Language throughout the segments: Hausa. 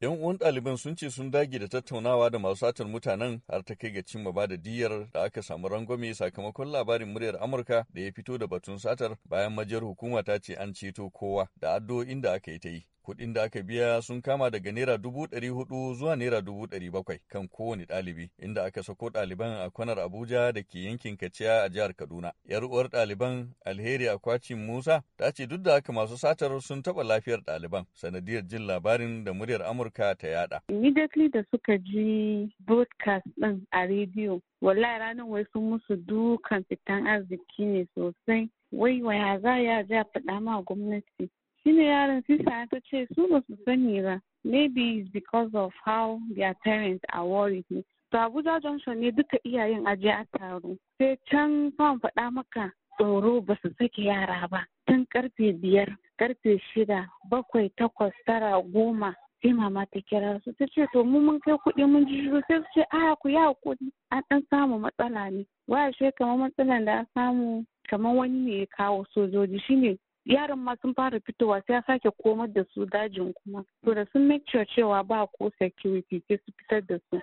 'Yan uwan ɗaliban sun ce sun dage da tattaunawa da masu satar mutanen har ta kai ga cimma ba da diyar da aka samu rangwame sakamakon labarin muryar Amurka da ya fito da batun satar bayan majiyar hukuma ta ce an ceto kowa da addu'o'in da aka yi ta yi. Kuɗin da aka biya sun kama daga naira dubu ɗari hudu zuwa naira dubu ɗari bakwai kan kowane ɗalibi, inda aka sako ɗaliban a kwanar Abuja da ke yankin Kaciya a jihar Kaduna. Yar uwar ɗaliban Alheri a Akwacin Musa ta ce duk da aka masu satar sun taɓa lafiyar ɗaliban sanadiyar jin labarin da muryar Amurka ta yada. Immediately da suka ji broadcast ɗin a rediyo, wallahi ranar wai sun musu dukan fitan arziki ne sosai. Wai waya za ya ja faɗa ma gwamnati. yaran sun ya ta ce su ba su sani ba maybe it's because of how their parents are worried ne to abuja junction ne duka iyayen aje a taro sai can fan faɗa maka tsoro ba su sake yara ba tun karfe biyar karfe shida bakwai takwas tara goma sai mama ta kira su ta ce to mu mun kai kuɗi mun ji shiru sai su ce a ku ya kuɗi an ɗan samu matsala ne waya shi kamar matsalan da an samu kamar wani ne ya kawo sojoji shine yaran ma sun fara fitowa sai ya sake komar da su dajin kuma to da sun make sure cewa ba ko security sai su fitar da su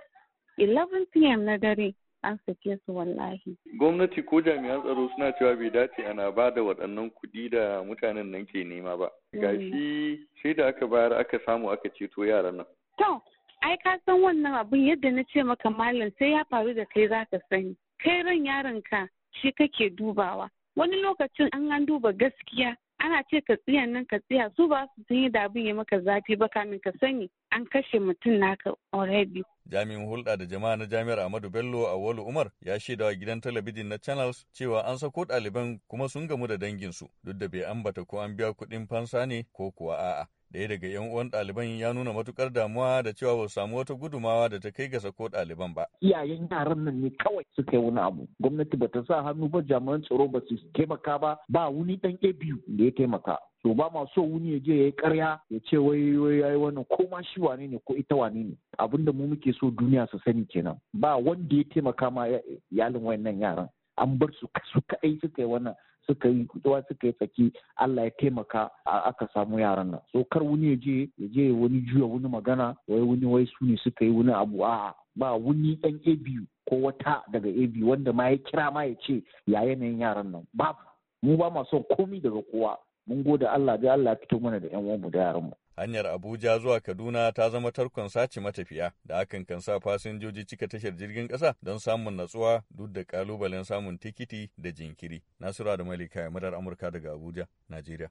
11 pm na dare an sake su wallahi. Gwamnati ko jami'an tsaro suna cewa bai dace ana ba da waɗannan kuɗi da mutanen nan ke nema ba. Mm. Gashi sai da aka bayar aka samu aka ceto yaran nan. To, ai ka san wannan abin yadda na ce maka malam sai ya faru da kai za ka sani. Kai ran yaron ka shi kake dubawa. Wani lokacin an an duba gaskiya ana ce ka tsiyan nan ka tsiya su ba su sun yi da abin ya maka zafi ba kamin ka sani an kashe mutum naka already. Jami'in hulɗa da jama'a na Jami'ar Ahmadu Bello a Walu Umar ya shaidawa gidan talabijin na Channels cewa an sako ɗaliban kuma sun gamu da danginsu duk da bai ambata ko an biya kuɗin fansa ne ko kuwa a'a. Ɗaya daga 'yan uwan ɗaliban ya nuna matukar damuwa da cewa ba samu wata gudumawa da ta kai ga sako ɗaliban ba. Iyayen yaran nan ne kawai suka yi wani abu. Gwamnati ba ta sa hannu ba jami'an tsaro ba su taimaka ba ba wuni ɗan biyu da ya taimaka. to ba ma so wuni ya je ya yi karya ya ce wai wai yi wannan ko ma shi wane ne ko ita wane ne da mu muke so duniya su sani kenan ba wanda ya taimaka ma iyalin wayannan yaran an bar su su kaɗai suka yi wannan suka yi kutuwa suka yi tsaki Allah ya taimaka aka samu yaran nan so kar wani ya je ya je wani juya wani magana wai wani wai su ne suka yi wani abu a ba wani dan biyu ko wata daga A biyu wanda ma ya kira ma ya ce ya yanayin yaran nan babu mu ba ma son komi daga kowa mun gode Allah da Allah ya fito mana da yan uwanmu da mu. hanyar Abuja zuwa Kaduna ta zama tarkon sace matafiya da hakan kan sa fasinjoji cika tashar jirgin kasa don samun natsuwa duk da kalubalen samun tikiti da jinkiri. Nasura da Malika Yamurar Amurka daga Abuja, Najeriya.